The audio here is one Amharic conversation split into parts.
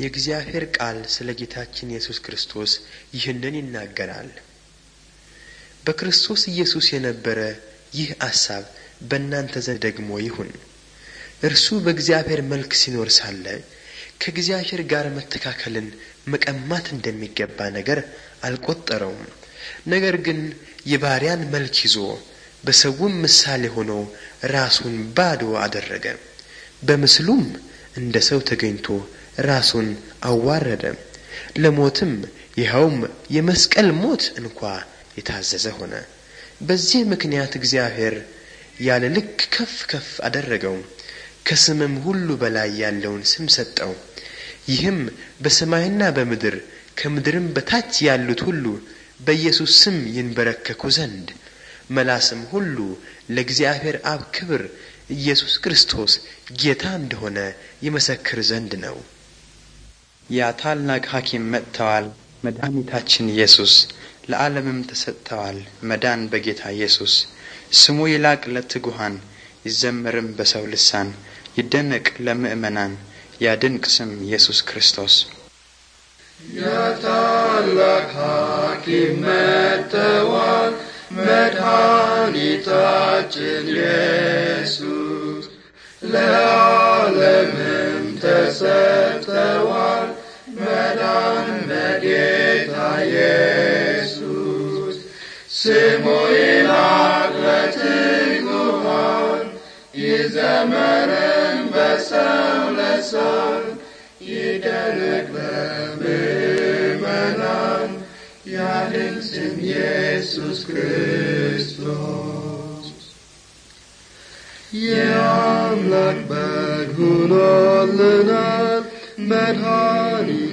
የእግዚአብሔር ቃል ስለ ጌታችን ኢየሱስ ክርስቶስ ይህንን ይናገራል። በክርስቶስ ኢየሱስ የነበረ ይህ አሳብ በእናንተ ዘንድ ደግሞ ይሁን። እርሱ በእግዚአብሔር መልክ ሲኖር ሳለ ከእግዚአብሔር ጋር መተካከልን መቀማት እንደሚገባ ነገር አልቆጠረውም። ነገር ግን የባሪያን መልክ ይዞ በሰውም ምሳሌ ሆኖ ራሱን ባዶ አደረገ። በምስሉም እንደ ሰው ተገኝቶ ራሱን አዋረደ፣ ለሞትም ይኸውም የመስቀል ሞት እንኳ የታዘዘ ሆነ። በዚህ ምክንያት እግዚአብሔር ያለ ልክ ከፍ ከፍ አደረገው፣ ከስምም ሁሉ በላይ ያለውን ስም ሰጠው። ይህም በሰማይና በምድር ከምድርም በታች ያሉት ሁሉ በኢየሱስ ስም ይንበረከኩ ዘንድ መላስም ሁሉ ለእግዚአብሔር አብ ክብር ኢየሱስ ክርስቶስ ጌታ እንደሆነ ይመሰክር ዘንድ ነው። ያ ታላቅ ሐኪም መጥተዋል፣ መድኃኒታችን ኢየሱስ ለዓለምም ተሰጥተዋል መዳን በጌታ ኢየሱስ። ስሙ ይላቅ ለትጉሃን ይዘምርም በሰው ልሳን ይደነቅ ለምእመናን ያ ድንቅ ስም ኢየሱስ ክርስቶስ። ያ ታላቅ ሐኪም መጥተዋል መድኃኒታችን ኢየሱስ ለዓለምም ተሰጥተዋል Adam vegeta Iesus, simuila gratituhan, izemeren veselesan, iderekle bimenan, yadin sim Iesus Christos. Yeamlak bedhunalınat, medhan,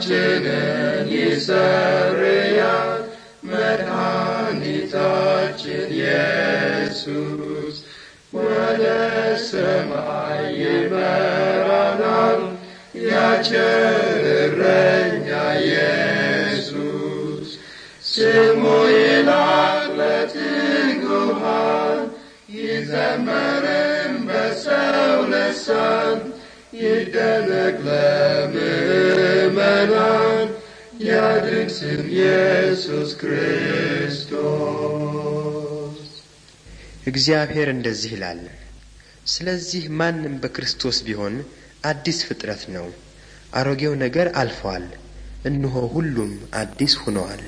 ኃጢአታችንን ይሰርያል መድኃኒታችን ኢየሱስ ወደ ሰማይ ይመራናል ያችን እረኛ ኢየሱስ ስሙ ይላል ለትጉሃን ይዘመርም በሰው ልሳን ይደነቅ es en ኢየሱስ ክርስቶስ። እግዚአብሔር እንደዚህ ይላል፣ ስለዚህ ማንም በክርስቶስ ቢሆን አዲስ ፍጥረት ነው፣ አሮጌው ነገር አልፏል፣ እንሆ ሁሉም አዲስ ሆነዋል።